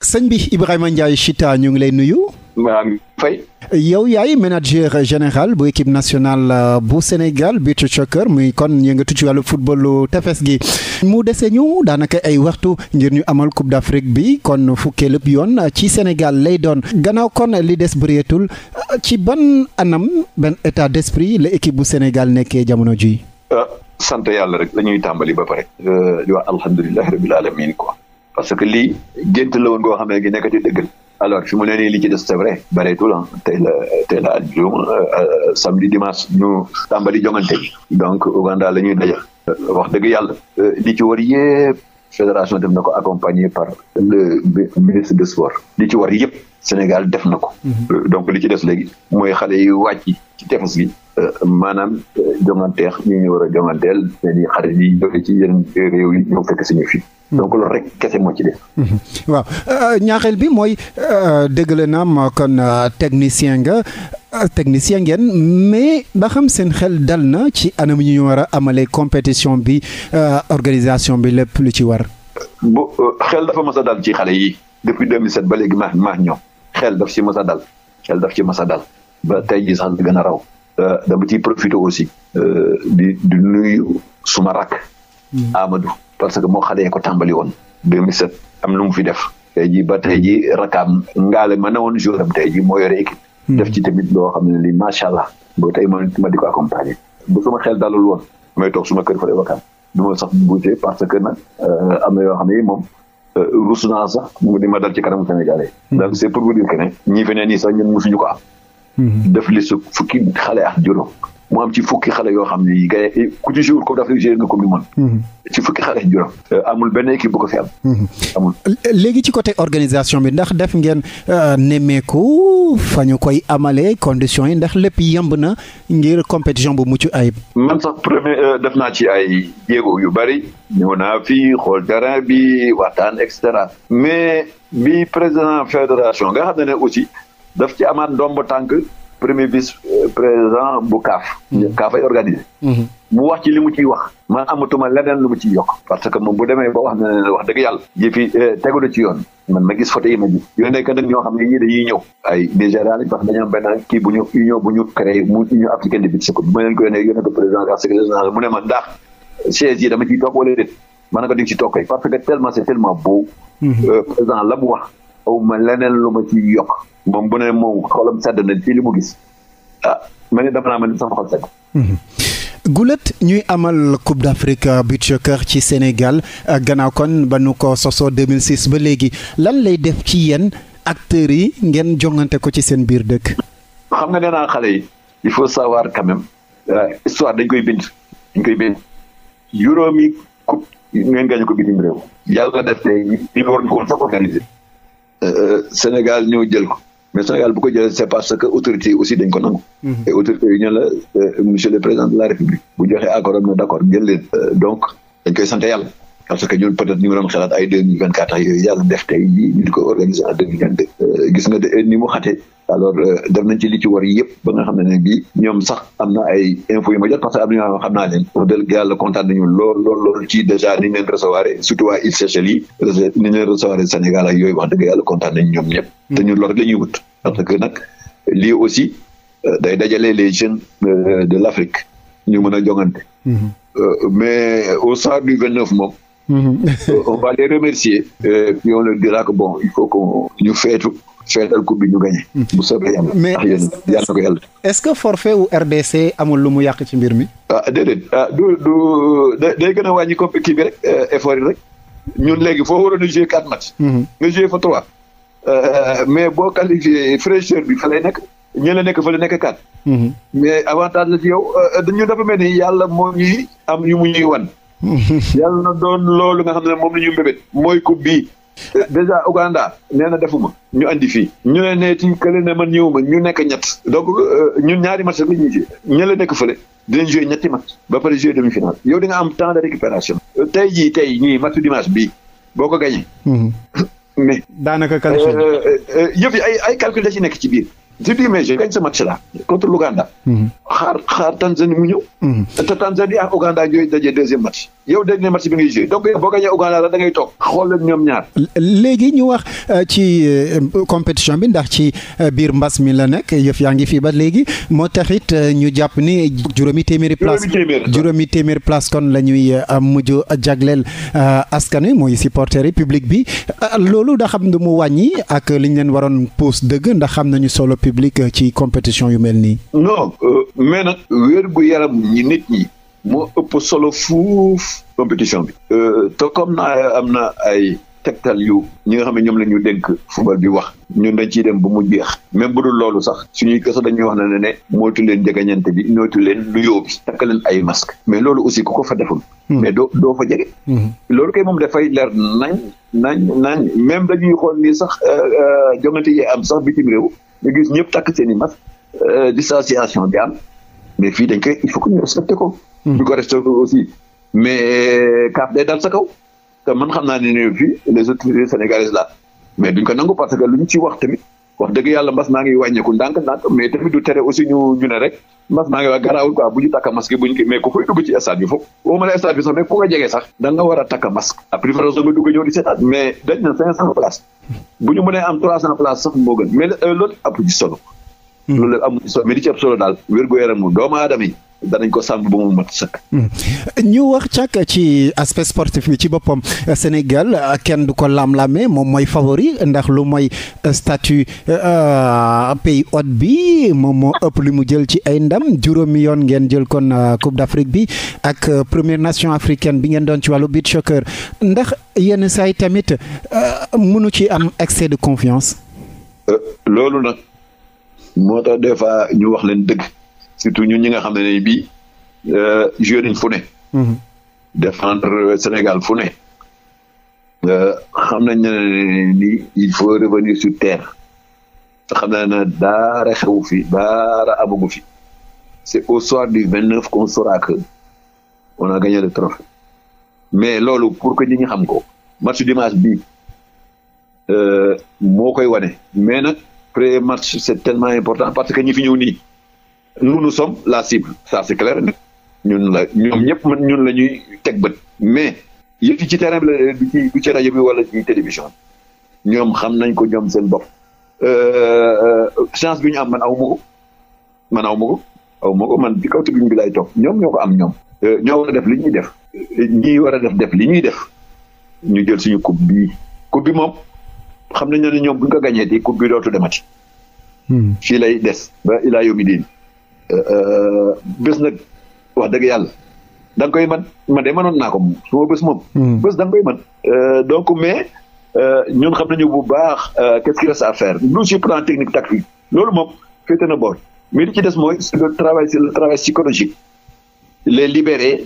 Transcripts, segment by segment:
sëñ bi Ibrahima Ndiaye Chita ñu ngi lay nuyu. maam Faye. yow yaay manager général bu équipe nationale euh, bu Sénégal Beach Soccer muy kon ñëngatu ci wàllu footballu tefes gi mu desee ñu daanaka ay waxtu ngir ñu amal coupe d'Afrique bi kon fukkee lépp yoon euh, ci Sénégal lay doon gannaaw kon li des bëreetul euh, ci ban anam benn état d'esprit la équipe bu Sénégal nekkee jamono ji sant yàlla rek la ñuy tàmbali ba pare. di wax alhamdulilah rabil alamin parce que lii gént la woon goo xam ne gi nekk di dëgg alors fi mu ne nii li ci des c'est vrai bareetul ah tey la tey la jom euh, euh, samedi dimanche ñu tàmbali jongante donc Ouganda la ñuy daje euh, wax dëgg yàlla li ci war yëpp fédération def na ko accompagné par le ministre de sport li ci war yëpp Sénégal def na ko mm-hmm. donc li ci des léegi mooy xale yi wàcc ci tefes gi maanaam jonganteex ñu ñu war a jonganteel seeni xarit yi jóge ci yeneen yi ñëw fekk suñu fii donc loolu rek kese moo ci def. Mmh. waaw euh, ñaaxeel bi mooy euh, dëgg naa naam kon euh, technicien nga technicien ngeen mais ba xam seen xel dal na ci anam ñu war a amalee compétition bi organisation bi lépp lu ci war. bu xel dafa mës dal ci xale yi depuis 2007 ba léegi maa maa ñoom xel daf ci mës a dal xel daf ci mës a dal ba tey jii sax gën a raw. dama ci profité aussi. di di nuyu suma rakk. Mmh. Amadou. parce que moo xale yee ko tàmbali woon 2007 am lu mu fi def tey jii ba tey jii rakaam ngaale ma ne woon jouram tey jii moo yore hmm. def ci tamit loo xam ne li macha allah boo tey ma ma di ko accompagner bu sama xel dalul woon may toog suma kër fa vacances du ma sax buutee parce que nag euh, am na yoo xam ne moom euh, rus naa sax mu di ma dal ci kanamu Sénégalais hmm. donc c'est pour vous dire que ne ñii fi ne nii sax ko am hmm. def li su fukki xale ak juróom mu am ci fukki xale yoo xam ne yi gagné ku ci jour Coupe nga mm-hmm. ci fukki xale yi juróom. Euh, amul benn équipe bu ko fi am. Mm-hmm. léegi ci côté organisation bi ndax def ngeen euh, nemmeeku fa ñu koy amalee conditions yi ndax lépp yemb na ngir compétition bu mucc ayib. man sax premier euh, def naa ci ay jéego yu bari ñëw naa fi xool terrain bi waxtaan et cetera. mais bi président fédération nga xam ne ne aussi daf ci amaat ndomb tànk. premier vice euh, président bu kaaf kaaf mmh. organisé mmh. mu wax ci li mu ciy wax man amatuma leneen lu mu ciy yokk parce que moom bu demee ba wax ne wax dëgg yàlla jëfi euh, tegu yoon man ma gis photo yi ñoo xam ne yii dañuy ñëw ay Nigéria lañ parce que dañoo am benn kii bu ñu union bu ñu créé mu union africaine de vice ko bu ma leen ko yónnee président ak secrétaire mu ne ma ndax chaise yi dama ciy toog wala déet ma ne ko di ci toog kay parce que tellement c'est tellement beau mmh. euh, président la mu wax aw ma leneen lu ma ci yokk moom bu ne moom xolam sedd na ci li mu gis ah ma ne dama naa mel ni sama xol sedd mhm. Goulet ñuy amal Coupe d'Afrique beach soccer ci Sénégal euh, gannaaw kon ba nu ko sosoo 2006 ba léegi lan lay def ci yéen acteurs yi ngeen jongante ko ci seen biir dëkk. xam nga nee naa xale yi il faut savoir quand même euh, histoire dañ koy bind dañ koy bind juróomi coupe ngeen gañu ko bitim réew yàlla def tey ñu waroon ko sax Euh, Sénégal ñëw jël ko mais Sénégal bu ko jëlee c'est parce que autorité aussi dañ ko nangu. Mhm. et autorité yi ñu la euh, monsieur le président de la république bu joxee accord am na d'accord jël euh, donc dañ koy sant yàlla. parce que ñun peut être ñu ngi doon xalaat ay deux mille vingt quatre ak yooyu yàlla def tey jii ñu euh, nga de euh, ni alors euh, def nañ ci li ci war yëpp ba nga xam ne ne bii ñoom sax am na ay infos yu ma parce que am na ñoo leen wax dëgg yàlla kontaan nañu lool lool lool ci dèjà ni ñu leen recevoir surtout waa Îles yooyu wax dëgg yàlla kontaan nañ ñoom ñëpp mm. te ñun loolu la ñuy wut parce que nag lii aussi day dajale les jeunes de l'Afrique ñu mën a jongante mm-hmm. mais au soir du vingt neuf moom Mm-hmm. on va les remercier. Euh, puis on leur dira que bon, il faut mm-hmm. mais ah, ce que forfait wu RDC lu mu yàq ci mbir mi. ah, ah gën a wàññi compé kii bi euh, léegi foo waroon a jouer quatre mm-hmm. euh, mais boo qualifié fraîcheur bi fa lay nekk. ñu la nekk fa la nekk quatre. mais avantage la ci yow euh, dafa mel ni yàlla moo ñuy am yu mu ñuy yàlla na doon loolu nga xam ne moom la ñu mbébét mooy ko bii déjà Ouganda nee na defuma ñu andi fii ñu ne ne ci kële ne man ñëwuma ñu nekk ñett donc euh, ñun ñaari match rek la ñu la nekk fële dinañ joué ñetti match ba pare joué demi finale yow di nga am temps de récupération tey jii tey ñii match dimanche bi boo ko gagné mhm. mais daanaka calcul euh, euh, yëpp ay ay calcul da nekk ci biir je dis mais je gagne ce match-là contre l'Ouganda. Mhm. xaar xaar mhm. da ngay toog xool leen léegi ñu wax euh, ci euh, compétition bi ndax ci euh, biir mbas mi la nekk yëf yaa ngi fii ba léegi moo taxit ñu jàpp ni juróomi téeméeri place juróomi téeméeri place kon la ñuy mujj jagleel askan wi mooy supporters yi public bi loolu da xam ne mu wàññi ak liñ leen waroon pousse dëgg ndax xam nañu solo. public euh, ci compétition yu mel nii. non euh, mais nag wér gu yaram ñi nit ñi moo ëpp solo fuuf compétition bi. Euh, te comme na am na ay. tegtal yu ñi nga xam ne ñoom la ñu dénk football bi wax ñun dañ ciy dem ba mu jeex même bu dul loolu sax suñuy kaso dañuy wax ne ne moytu leen jegeñante bi moytu leen nuyoo bi takk leen ay masque mais loolu aussi ko ko fa deful hmm. mais doo doo fa jege hmm. loolu kay moom dafay leer nañ nañ nañ même dañuy xool ni sax jongante yi am sax bitim réew nga gis ñëpp takk seen i masque euh, distanciation bi am mais fii dañ koy il faut que ñu respecté ko. ñu hmm. ko respecté aussi mais kaaf euh, day dal sa kaw te man xam naa ne fii les autorités sénégalaises la mais duñ ko nangu parce que lu ñu ci wax tamit. kon dëgg yalla mbas maa ngi wàññeeku ndànk ndànk mais tamit du tere aussi ñu ñu ne rek mbas maa ngi wax garaawul quoi bu ñu takka masque buñ mais ku fay dugg la stade sax mais ku nga jegee sax da nga war a takka masque nga dugg ñëw di mais dañ na cinq cent places bu ñu mënee am trois sax moo gën mais euh, loolu ëpp ci solo Hmm. loolu lépp amul solo mais doomu aadama danañ ko sàmm ba mu mat hmm. ñu wax càkk ci aspect sportif bi ci boppam Sénégal kenn du ko lam-lame moom mooy favori ndax lu mooy euh, statu euh, pays hôte bi moom moo ëpp li mu jël ci ay ndam juróomi yoon ngeen jël kon euh, Coupe d'Afrique bi ak premier nation africaine bi ngeen doon ci wàllu beach soccer ndax yenn saa tamit mënu ci am excès de confiance. loolu nag moo tax des fois ñu wax leen dëgg surtout ñun ñi nga xam ne bii euh, joué nañ fu ne. Mm-hmm. défendre euh, Sénégal fune ne. Euh, xam nañ ne ni il faut révenir sur terre te xam na ne daara xew fi a amagu fi c'est au soir du vingt neuf qu'on saura que on a gagné le mais loolu pour que ñi xam ko match dimanche bi moo koy wane mais après match c'est tellement important parce que ñi fi ñëw nii nous nous sommes la cible ça c'est clair ñun la ñoom ñëpp man ñun la ñuy teg bët mais yëf yi ci terrain bi du ci du ci rajo bi wala ci télévision bi ñoom xam nañ ko ñoom seen bopp euh, euh, chance bi ñu am man aw ma ko man aw ma man ci kaw tribune bi lay toog ñoom ñoo ko am ñoom euh, ñoo war a def li ñuy def ñii war a def def li ñuy def ñu jël suñu coupe bi coupe moom xam nañu ne ñoom bu ñu ko gañee di coupe bi dootu demati. Hmm. fii lay des ba ilaa yomi diin euh, euh, bés na wax dëgg yàlla da koy man man de mënoon naa ko su ma bés moom. Hmm. bés koy man euh, donc mais ñun xam nañu bu baax qu'est-ce qu'il reste à faire nous technique tactique loolu moom féete na boor mais li ci des mooy c'est le travail c'est le travail les libérer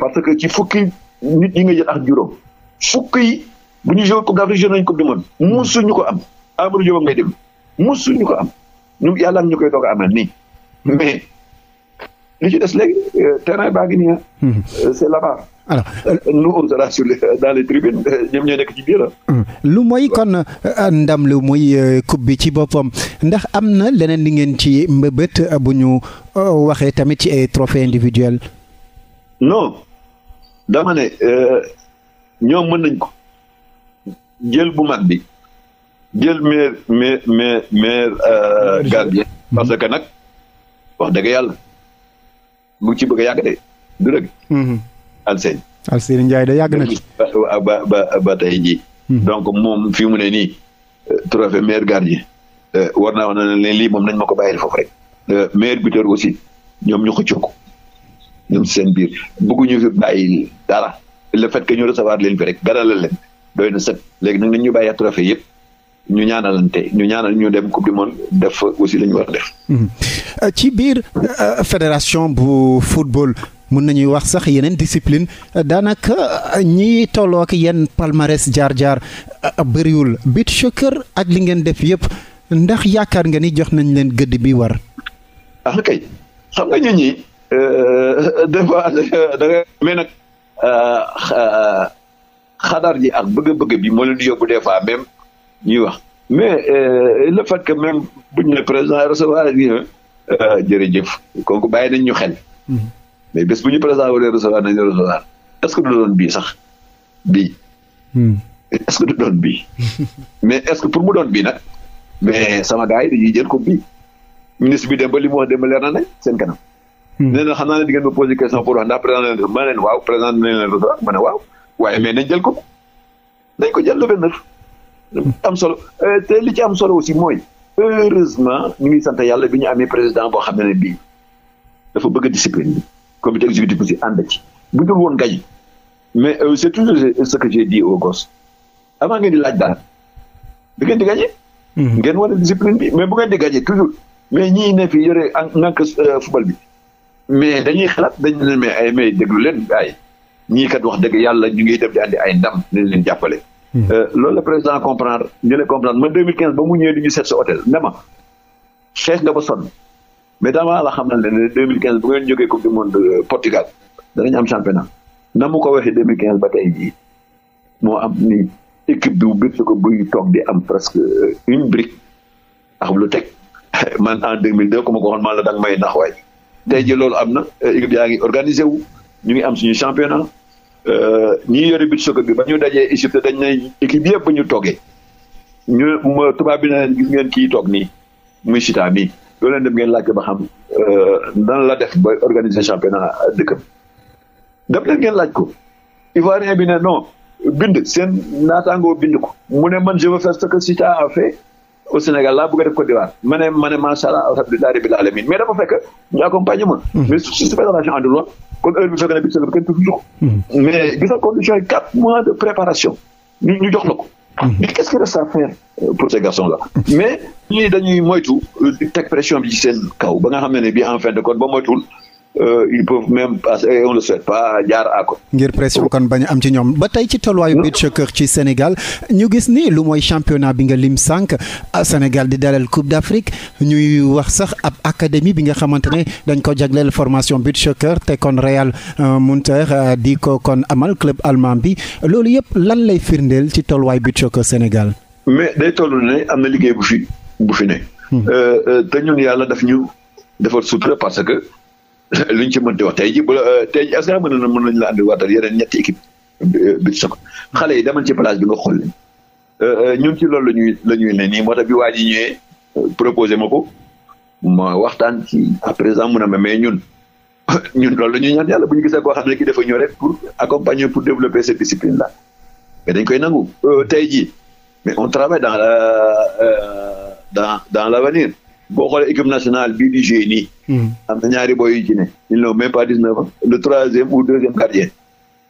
parce que ci fukki nit ñi nga jël ak juróom fukki. bu ñu joué coupe d'Afrique joué nañ coupe du monde musuñu ko am Amadou ko am ñu yàlla ñu koy doog a nii mais li ci des léegi euh, terrain baa ngi lu mooy kon euh, ndam lu muy euh, coupe bi ci boppam ndax am na leneen li ngeen ci mbëbët bu ñu waxee tamit ci ay trophées individuels non dama ne ñoom mën nañ ko jël bu mag bi jël meilleur meilleur meilleur meilleur gardien parce que nag wax dëgg yàlla mu ci bëgg a yàgg de du dëgg Alseyni mhm. Alseyni Ndiaye da yàgg na ci ba ba ba tey ji mhm. donc moom fii mu ne nii euh, trophée meilleur gardien euh, war naa wax na leen lii moom nañ ma ko bàyyil foofu rek meilleur buteur aussi ñoom ñu xëccoo ko ñoom seen biir bëgguñu fi bàyyi dara le fait que ñu recevoir leen fi rek ganalal leen doy na set léegi nag nañ ñu bàyyi trophée yëpp ñu ñaanalante ñu ñaanal ñu dem coupe du monde def aussi la war a def. Hmm. Euh, ci biir euh, fédération bu football. mën nañuy wax sax yeneen discipline euh, daanaka ñi tollook yenn palmarès jaar-jaar bariwul beach soccer ak li ngeen def yëpp ndax yaakaar nga ni jox nañ leen gëdd bi war. ah kay xam nga ñun ñii des fois da xadaar ji ak bëgg-bëgg bi moo leen di yóbbu des fois même ñuy wax mais euh, le fait que même bu ñu ne président recevoir ak yéen euh, jërëjëf kooku bàyyi nañ ñu xel. Mhm. mais bés bu ñu président waree recevoir nañ recevoir est ce que du doon bii sax bii. Hmm. est ce que du doon bii. mais est ce que pour mu doon bii nag. mais sama gars yi dañuy jël ko bii. ministre bi dem ba li mu wax dem ba leer na nañ seen kanam. Hmm. nee na xam naa ne di ngeen ma posé question pour wax ndax président leen ma ne waaw président dina leen recevoir ma ne waaw. waaye mais nañ jël ko nañ ko jël le vingt am solo euh, te li ci am solo aussi mooy heureusement ñu ngi sant yàlla bi ñu amee président boo xam ne bii dafa bëgg discipline bi comité exécutif bi si ànd ci bu dul woon gañ mais euh, c'est toujours ce que j'ai dit aux gosses ngeen di laaj dara da ngeen di gañe mm-hmm. ngeen war a discipline bi mais bu ngeen di gañe toujours mais ñii ne fi yore nànk football bi mais dañuy xalaat dañ ne mais ay eh, mais déglu leen ay ñii kat wax dëgg yàlla ñu ngi dem di andi ay ndam nañ leen jàppale. Hmm. Euh, loolu le président comprendre ñu ne comprendre man 2015 ba mu ñëwee di ñu seet sa hôtel ne ma xeex nga ba sonn mais dama la xam ne ne 2015 bu ngeen jógee coupe du monde euh, Portugal danañ am championnat na mu ko waxee 2015 ba tey moo am ni équipe bi bu ko buy toog di am presque euh, une brique ak lu teg man en 2002 ku ma ko waxoon man la danga may nax waay tey jii loolu am na équipe yaa ngi organisé wu. ñu ngi am suñu championnat euh, ñi yore but soccer bi ba ñu dajee Égypte dañ ne équipe yëpp ba ñu toggee ñu tubaab bi na leen gis ngeen kii toog nii muy Chita mii loolu leen dem ngeen laajte ba xam euh, nan la def ba organiser championnat dëkkam dem leen ngeen laaj ko Ivoirien bi ne non bind seen naataangoo bind ko mu ne man je veux que Chita a fait au Sénégal laa bëgg a def Côte d'Ivoire ma ne ma ne macha allah alhamdulilah mais dafa fekk ñu hmm. mais su su fédération àndul woon kon heure bi hmm. quatre mois de préparation ñu ñu jox la ko. Hmm. mais qu'est-ce qu'il reste euh, pour ces garçons là. mais ñii dañuy moytu euh, teg pression bi ci seen kaw ba nga xam ne ne bii en fin de compte ba moytuwul. Euh, ils peuvent même passer on le sait pas jaar à ko. ngir pression kon bañ am ci ñoom ba tey ci tolluwaayu beach soccer ci Sénégal ñu gis ni lu mooy championnat bi nga lim sànq ah, Sénégal di dalal Coupe d'Afrique ñuy wax sax ab académie bi nga xamante ne dañ ko jagleel formation beach soccer te kon Real euh, Munter euh, di ko kon amal club allemand bi loolu yëpp lan lay firndeel ci tolluwaayu beach soccer Sénégal. mais day toll ne am na liggéey bu fi bu fi ne. Hmm. te ñun yàlla luñ ci mënti wax tey ji bu la euh, tey ji est-ce que mën mën nañu la andi waatal yeneen ñetti équipe bi euh, soccer hmm. xale yi demal ci place bi nga xool euh, ñun ci loolu la ñuy la ñuy ne nii moo tax bi waa ji ñëwee proposé ma ko ma waxtaan ci à présent mun a ma mais ñun ñun loolu la ñuy ñaan yàlla bu ñu gisee koo xam ne ki dafa ñëw rek pour accompagner pour développer cette discipline là mais dañ koy nangu tey jii mais on travaille dans la dans dans l' avenir boo xoolee équipe nationale bi di joué nii hum mm-hmm. am na ñaari boy yu ci ne ils n'ont pas dix neuf ans le troisième ou deuxième gardien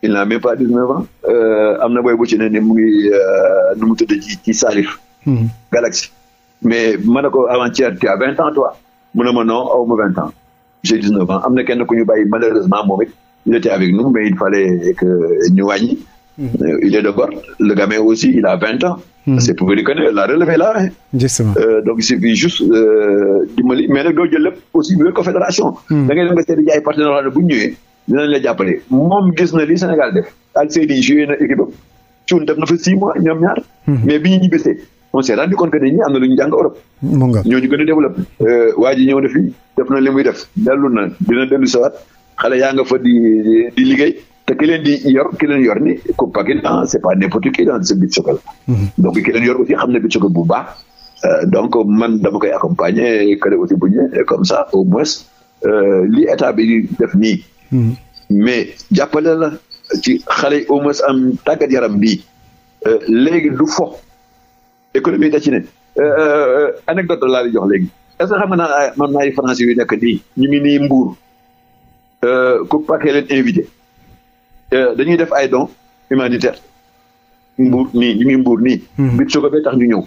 il n'a même pas dix neuf ans euh, am na boy bu ne ni mu ngi euh, nu mu tudd ci ci Salif mm-hmm. Galaxy mais ma ne ko avant-hier tu as vingt ans toi mu ma non aw ma vingt ans j'ai dix neuf ans am na kenn ku ñu bàyyi malheureusement moom it il était avec nous mais il fallait que ñu wàññi Euh, il est de corps. Le aussi, il a 20 ans. Hmm. c'est pour dire que la relève est là. Hein. justement euh, donc il suffit juste euh, dimbali mais nag doo jël lépp aussi wér ko fédération. Hmm. da ngay dem nga seeti ay gis na li Sénégal def. al Seydi joué na équipe am. Thioune def na fa six mois ñoom ñaar. Hmm. mais bi ñu ñibbisee on s'est rendu compte que dañuy am na lu ñu jàng Europe. mu nga ñooñu gën a développé. waa ji ñëw na fi def na li muy def dellu na dina dellu sawaat xale yaa nga fa di di liggéey. te kileen di yor ki leen yor ni ko Paquet ah c'est pas n'importe qui dans ce bitcoin. Mm-hmm. donc ki leen yor aussi xam na bitcoin bu baax. Euh, donc man dama koy accompagner kër aussi bu ñu comme ça au moins euh, li état bi def nii. Mm-hmm. mais jàppale la ci xale yi au moins am tàggat yaram bii euh, léegi du fo économie da ci ne anecdote laa di jox léegi est-ce que xam nga naa man naay français yu nekk nii ñu ngi nii Mbour ku Paquet leen invité. dañuy def ay dons humanitaires. mbuur nii ñu ngi mbuur nii. Hmm. biir su tax ñu ñëw.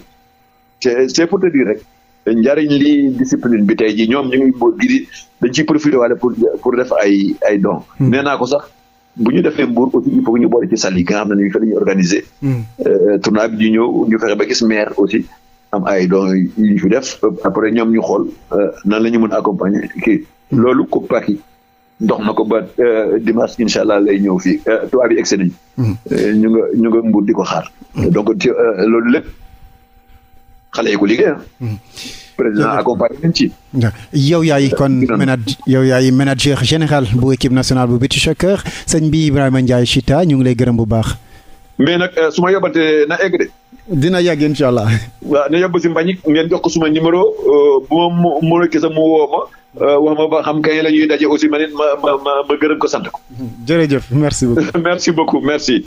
c'est c'est pour te dire rek njariñ li discipline bi tey jii ñoom ñu ngi mbuur gi di dañ ciy profité waale pour pour def ay ay dons. Hmm. nee naa ko sax bu ñu defee mbuur aussi il faut ñu boole ci salle yi nga xam ne ñu fa la ñuy organiser. Hmm. Euh, tournoi bi ñu ñëw ñu fexe ba gis maire aussi am ay dons yu ñu fi def après ñoom ñu xool euh, nan la ñu mën accompagner kii loolu COPACI. dox na ko ba euh, dimanche incha allah lay ñëw fii euh, tubaab yi egg nañu. Mm-hmm. Euh, ñu nga ñu nga Mbour di ko xaar. Mm-hmm. donc loolu lépp xale yi ko liggéey ah. mm-hmm. président accompagné nañ ci. yow yaay kon ménage yow yaay manager général bu équipe nationale bu beach soccer sëñ bi Ibrahima Ndiaye Chita ñu ngi lay gërëm bu baax. mais nag su ma yóbbatee na egg de. dina yàgg incha allah. waaw na yomb si mbañik ngeen jox ko suma numéro euh, bu ma mu a gis mu woo ma. Euh, wax ma ba xam kañ la ñuy daje aussi ma nit ma ma ma gërëm ko sant ko. jërëjëf merci beaucoup. merci beaucoup merci.